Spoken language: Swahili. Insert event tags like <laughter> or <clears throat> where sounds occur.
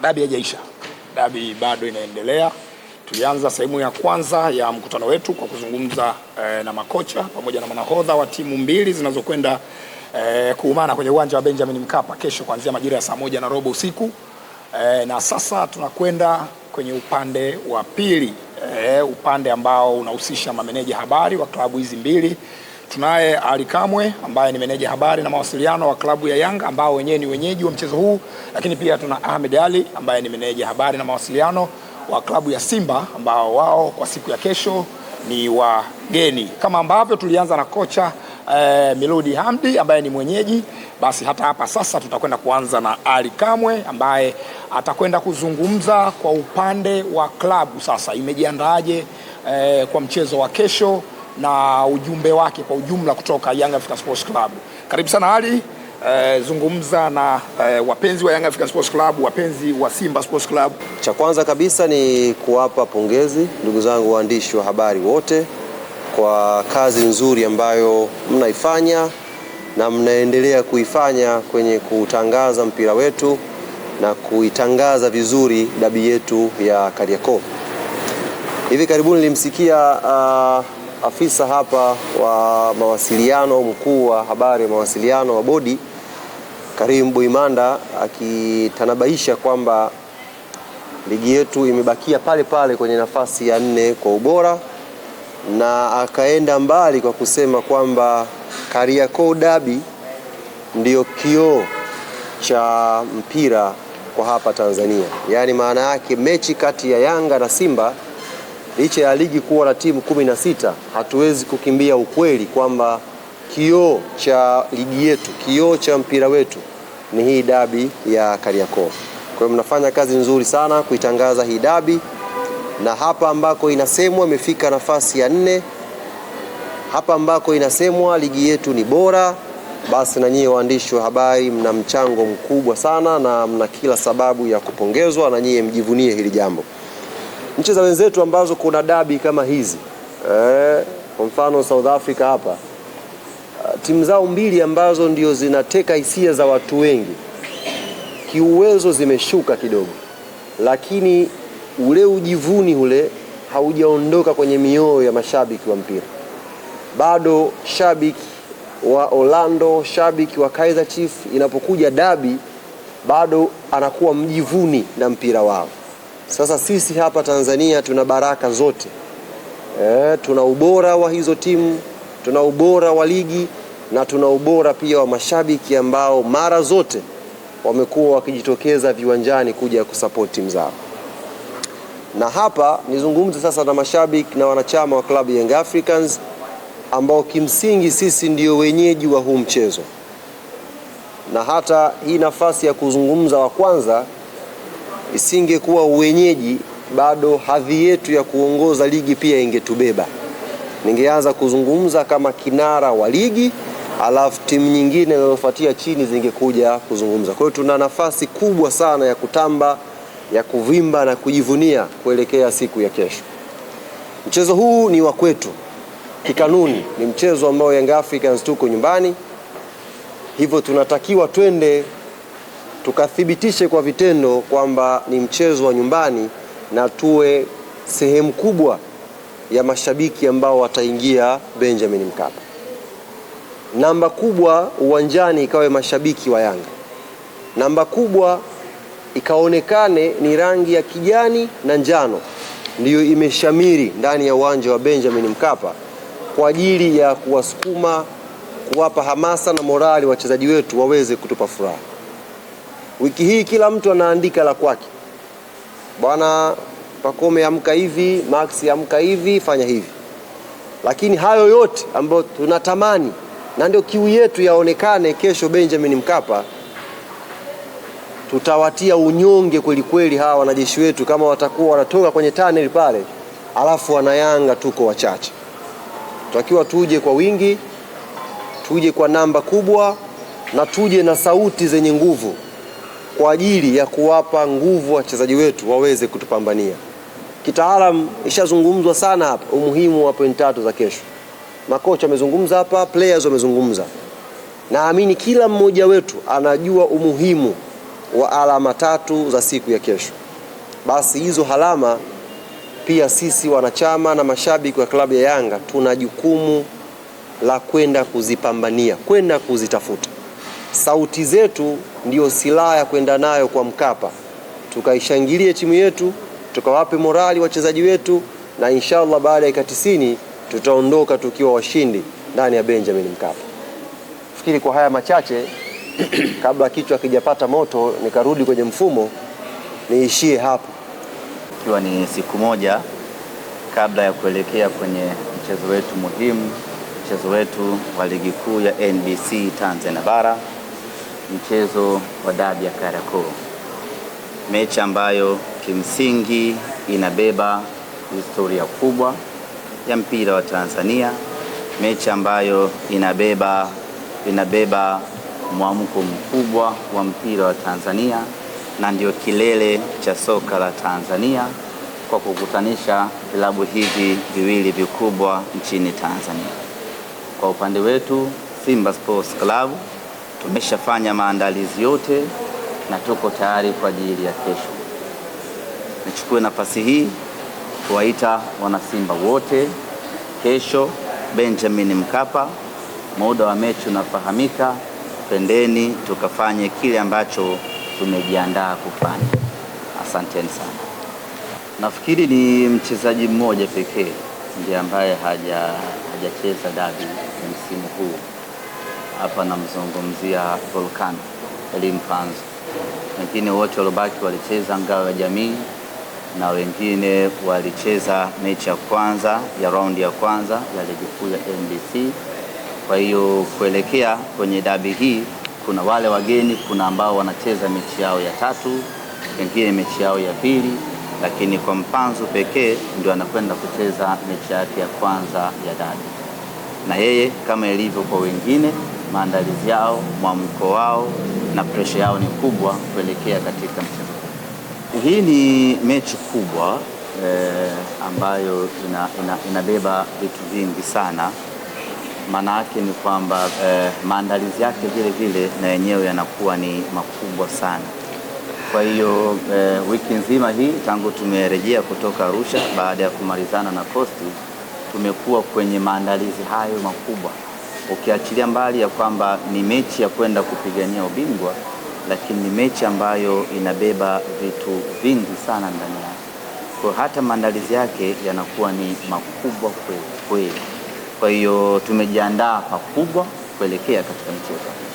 dabi haijaisha, dabi bado inaendelea. Tulianza sehemu ya kwanza ya mkutano wetu kwa kuzungumza eh, na makocha pamoja na manahodha wa timu mbili zinazokwenda eh, kuumana kwenye uwanja wa Benjamin Mkapa kesho kuanzia majira ya saa moja na robo usiku eh, na sasa tunakwenda kwenye upande wa pili eh, upande ambao unahusisha mameneja habari wa klabu hizi mbili Tunaye Ali Kamwe ambaye ni meneja habari na mawasiliano wa klabu ya Yanga ambao wenyewe ni wenyeji wa mchezo huu, lakini pia tuna Ahmed Ali ambaye ni meneja habari na mawasiliano wa klabu ya Simba ambao wao kwa siku ya kesho ni wageni. Kama ambavyo tulianza na kocha eh, Miludi Hamdi ambaye ni mwenyeji, basi hata hapa sasa tutakwenda kuanza na Ali Kamwe ambaye atakwenda kuzungumza kwa upande wa klabu sasa imejiandaaje eh, kwa mchezo wa kesho na ujumbe wake kwa ujumla kutoka Young African Sports Club. Karibu sana Ali. Eh, zungumza na eh, wapenzi wa Young African Sports Club, wapenzi wa Simba Sports Club. Cha kwanza kabisa ni kuwapa pongezi ndugu zangu waandishi wa habari wote kwa kazi nzuri ambayo mnaifanya na mnaendelea kuifanya kwenye kutangaza mpira wetu na kuitangaza vizuri dabi yetu ya Kariakoo. Hivi karibuni nilimsikia uh, afisa hapa wa mawasiliano mkuu wa habari ya mawasiliano wa bodi Karim Buimanda akitanabaisha kwamba ligi yetu imebakia pale pale kwenye nafasi ya nne kwa ubora, na akaenda mbali kwa kusema kwamba Kariakoo Derby ndiyo kioo cha mpira kwa hapa Tanzania. Yaani maana yake mechi kati ya Yanga na Simba licha ya ligi kuwa na timu kumi na sita, hatuwezi kukimbia ukweli kwamba kioo cha ligi yetu, kioo cha mpira wetu ni hii dabi ya Kariakoo. Kwa hiyo mnafanya kazi nzuri sana kuitangaza hii dabi, na hapa ambako inasemwa imefika nafasi ya nne, hapa ambako inasemwa ligi yetu ni bora, basi na nyie waandishi wa habari mna mchango mkubwa sana na mna kila sababu ya kupongezwa, na nyie mjivunie hili jambo nchi za wenzetu ambazo kuna dabi kama hizi eh, kwa mfano South Africa hapa ah, timu zao mbili ambazo ndio zinateka hisia za watu wengi kiuwezo zimeshuka kidogo, lakini ule ujivuni ule haujaondoka kwenye mioyo ya mashabiki wa mpira. Bado shabiki wa Orlando, shabiki wa Kaizer Chiefs, inapokuja dabi bado anakuwa mjivuni na mpira wao. Sasa sisi hapa Tanzania tuna baraka zote e, tuna ubora wa hizo timu, tuna ubora wa ligi na tuna ubora pia wa mashabiki ambao mara zote wamekuwa wakijitokeza viwanjani kuja kusupport timu zao. Na hapa nizungumze sasa na mashabiki na wanachama wa klabu Young Africans ambao kimsingi sisi ndio wenyeji wa huu mchezo, na hata hii nafasi ya kuzungumza wa kwanza isingekuwa uwenyeji, bado hadhi yetu ya kuongoza ligi pia ingetubeba. Ningeanza kuzungumza kama kinara wa ligi, alafu timu nyingine zinazofuatia chini zingekuja kuzungumza. Kwa hiyo tuna nafasi kubwa sana ya kutamba, ya kuvimba na kujivunia kuelekea siku ya kesho. Mchezo huu ni wa kwetu kikanuni, ni mchezo ambao Young Africans tuko nyumbani, hivyo tunatakiwa twende tukathibitishe kwa vitendo kwamba ni mchezo wa nyumbani na tuwe sehemu kubwa ya mashabiki ambao wataingia Benjamin Mkapa. Namba kubwa uwanjani ikawe mashabiki wa Yanga. Namba kubwa ikaonekane ni rangi ya kijani na njano ndiyo imeshamiri ndani ya uwanja wa Benjamin Mkapa kwa ajili ya kuwasukuma, kuwapa hamasa na morali wachezaji wetu waweze kutupa furaha. Wiki hii kila mtu anaandika la kwake, bwana Pakome amka hivi, Max amka hivi, fanya hivi. Lakini hayo yote ambayo tunatamani na ndio kiu yetu yaonekane kesho Benjamin Mkapa, tutawatia unyonge kweli kweli hawa wanajeshi wetu kama watakuwa wanatoka kwenye tunnel pale, alafu wanayanga tuko wachache. Tutakiwa tuje kwa wingi, tuje kwa namba kubwa na tuje na sauti zenye nguvu kwa ajili ya kuwapa nguvu wachezaji wetu waweze kutupambania. Kitaalam ishazungumzwa sana hapa umuhimu wa pointi tatu za kesho. Makocha wamezungumza hapa, players wamezungumza. Naamini kila mmoja wetu anajua umuhimu wa alama tatu za siku ya kesho. Basi hizo alama pia sisi wanachama na mashabiki wa klabu ya Yanga tuna jukumu la kwenda kuzipambania, kwenda kuzitafuta. Sauti zetu ndiyo silaha ya kwenda nayo kwa Mkapa, tukaishangilie timu yetu, tukawape morali wachezaji wetu, na inshallah baada ya tisini tutaondoka tukiwa washindi ndani ya Benjamin Mkapa. Fikiri kwa haya machache <clears throat> kabla kichwa kijapata moto nikarudi kwenye mfumo, niishie hapo, ikiwa ni siku moja kabla ya kuelekea kwenye mchezo wetu muhimu, mchezo wetu wa ligi kuu ya NBC Tanzania bara mchezo wa dabi ya Kariakoo, mechi ambayo kimsingi inabeba historia kubwa ya mpira wa Tanzania, mechi ambayo inabeba, inabeba mwamko mkubwa wa mpira wa Tanzania na ndio kilele cha soka la Tanzania kwa kukutanisha vilabu hivi viwili vikubwa nchini Tanzania. Kwa upande wetu Simba Sports Club Tumeshafanya maandalizi yote na tuko tayari kwa ajili ya kesho. Nichukue nafasi hii kuwaita wanasimba wote kesho Benjamin Mkapa, muda wa mechi unafahamika. Pendeni tukafanye kile ambacho tumejiandaa kufanya. Asanteni sana. Nafikiri ni mchezaji mmoja pekee ndiye ambaye hajacheza haja dabi msimu huu hapa namzungumzia Volcano elimu panzu, wengine wote waliobaki walicheza ngao ya jamii na wengine walicheza mechi ya kwanza ya raundi ya kwanza ya ligi kuu ya NBC. Kwa hiyo kuelekea kwenye dabi hii, kuna wale wageni, kuna ambao wanacheza mechi yao ya tatu, wengine mechi yao ya pili, lakini kwa Mpanzu pekee ndio anakwenda kucheza mechi yake ya kwanza ya dabi, na yeye kama ilivyo kwa wengine maandalizi yao, mwamko wao na presha yao ni kubwa kuelekea katika mchezo. Hii ni mechi kubwa eh, ambayo ina, ina, inabeba vitu vingi sana. Maana yake ni kwamba eh, maandalizi yake vile vile na yenyewe yanakuwa ni makubwa sana. Kwa hiyo eh, wiki nzima hii tangu tumerejea kutoka Arusha baada ya kumalizana na Coast tumekuwa kwenye maandalizi hayo makubwa ukiachilia mbali ya kwamba ni mechi ya kwenda kupigania ubingwa, lakini ni mechi ambayo inabeba vitu vingi sana ndani yake. Kwa hata maandalizi yake yanakuwa ni makubwa kweli kweli. Kwa hiyo tumejiandaa pakubwa kuelekea katika mchezo.